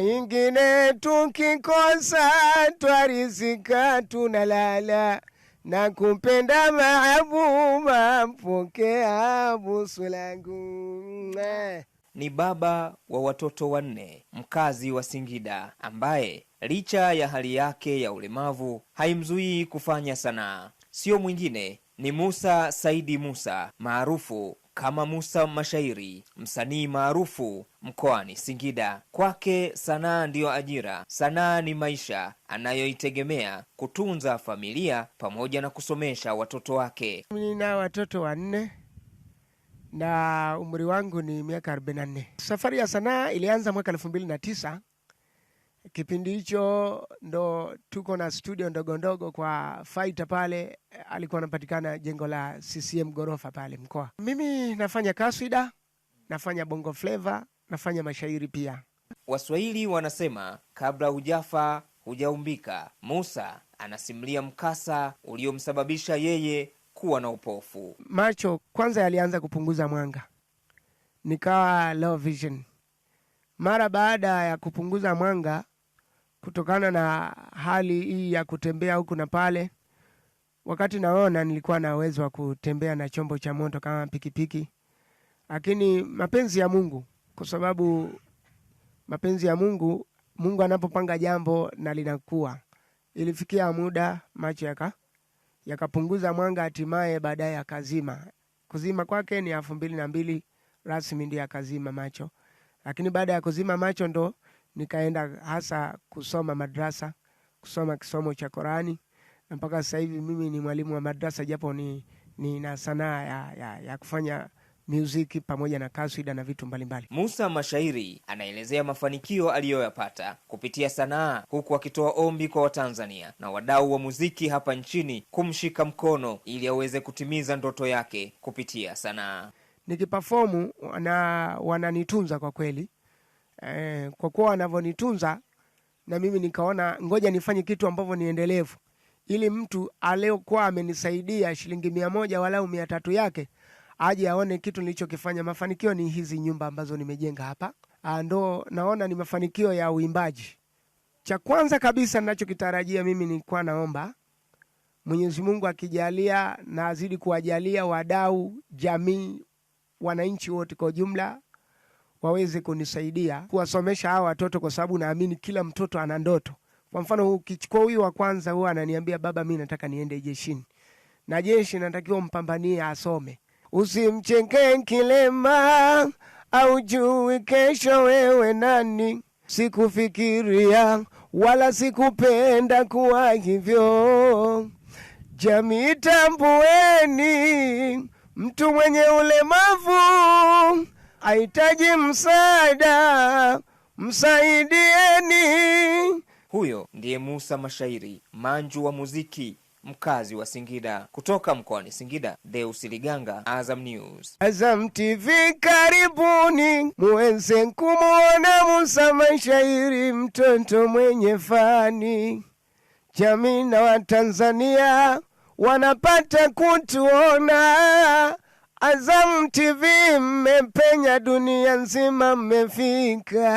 ingine tukikosa twarizika tunalala na kupenda maabu mapokea busu langu eh. ni baba wa watoto wanne mkazi wa Singida ambaye licha ya hali yake ya ulemavu haimzuii kufanya sanaa. Sio mwingine ni Musa Saidi Musa maarufu kama Musa Mashairi, msanii maarufu mkoani Singida. Kwake sanaa ndiyo ajira, sanaa ni maisha anayoitegemea kutunza familia pamoja na kusomesha watoto wake. Nina watoto wanne na umri wangu ni miaka 44. Safari ya sanaa ilianza mwaka elfu mbili na tisa Kipindi hicho ndo tuko na studio ndogo ndogo kwa Faita pale, alikuwa anapatikana jengo la CCM ghorofa pale Mkoa. Mimi nafanya kaswida, nafanya bongo fleva, nafanya mashairi pia. Waswahili wanasema kabla hujafa hujaumbika. Musa anasimulia mkasa uliomsababisha yeye kuwa na upofu. Macho kwanza yalianza kupunguza mwanga, nikawa low vision. Mara baada ya kupunguza mwanga kutokana na hali hii ya kutembea huku na pale. Wakati naona nilikuwa na uwezo wa kutembea na chombo cha moto kama pikipiki, lakini mapenzi ya Mungu, kwa sababu mapenzi ya Mungu, Mungu anapopanga jambo na linakuwa. Ilifikia muda macho yaka yakapunguza mwanga, hatimaye baadaye akazima. Kuzima kwake ni elfu mbili na mbili rasmi ndio akazima macho, lakini baada ya kuzima macho ndo nikaenda hasa kusoma madrasa, kusoma kisomo cha Qurani, na mpaka sasa hivi mimi ni mwalimu wa madrasa, japo ni nina sanaa ya, ya, ya kufanya muziki pamoja na kaswida na vitu mbalimbali mbali. Musa Mashairi anaelezea mafanikio aliyoyapata kupitia sanaa huku akitoa ombi kwa Watanzania na wadau wa muziki hapa nchini kumshika mkono ili aweze kutimiza ndoto yake kupitia sanaa. Nikipafomu wana, wananitunza kwa kweli, eh, kwa kuwa wanavyonitunza na mimi nikaona ngoja nifanye kitu ambavyo ni endelevu, ili mtu aliyokuwa amenisaidia shilingi mia moja walau mia tatu yake aje aone kitu nilichokifanya. Mafanikio ni hizi nyumba ambazo nimejenga hapa, ah, ndo naona ni mafanikio ya uimbaji. Cha kwanza kabisa ninachokitarajia mimi, ni kuwa, naomba Mwenyezi Mungu akijalia na azidi kuwajalia wadau, jamii, wananchi wote kwa ujumla waweze kunisaidia kuwasomesha hawa watoto, kwa sababu naamini kila mtoto ana ndoto. Kwa mfano, ukichukua huyu wa kwanza, huwa ananiambia baba, mi nataka niende jeshini, na jeshi natakiwa mpambanie asome. Usimchengee kilema, au jui kesho wewe nani. Sikufikiria wala sikupenda kuwa hivyo. Jamii tambueni, mtu mwenye ulemavu ahitaji msaada, msaidieni. Huyo ndiye Musa Mashairi Manju wa muziki mkazi wa Singida kutoka mkoani Singida. Deus Liganga, Azam News. Azam TV, karibuni muweze kumwona Musa Mashairi, mtoto mwenye fani. Jamii na Watanzania wanapata kutuona Azam TV mmepenya dunia nzima, mmefika.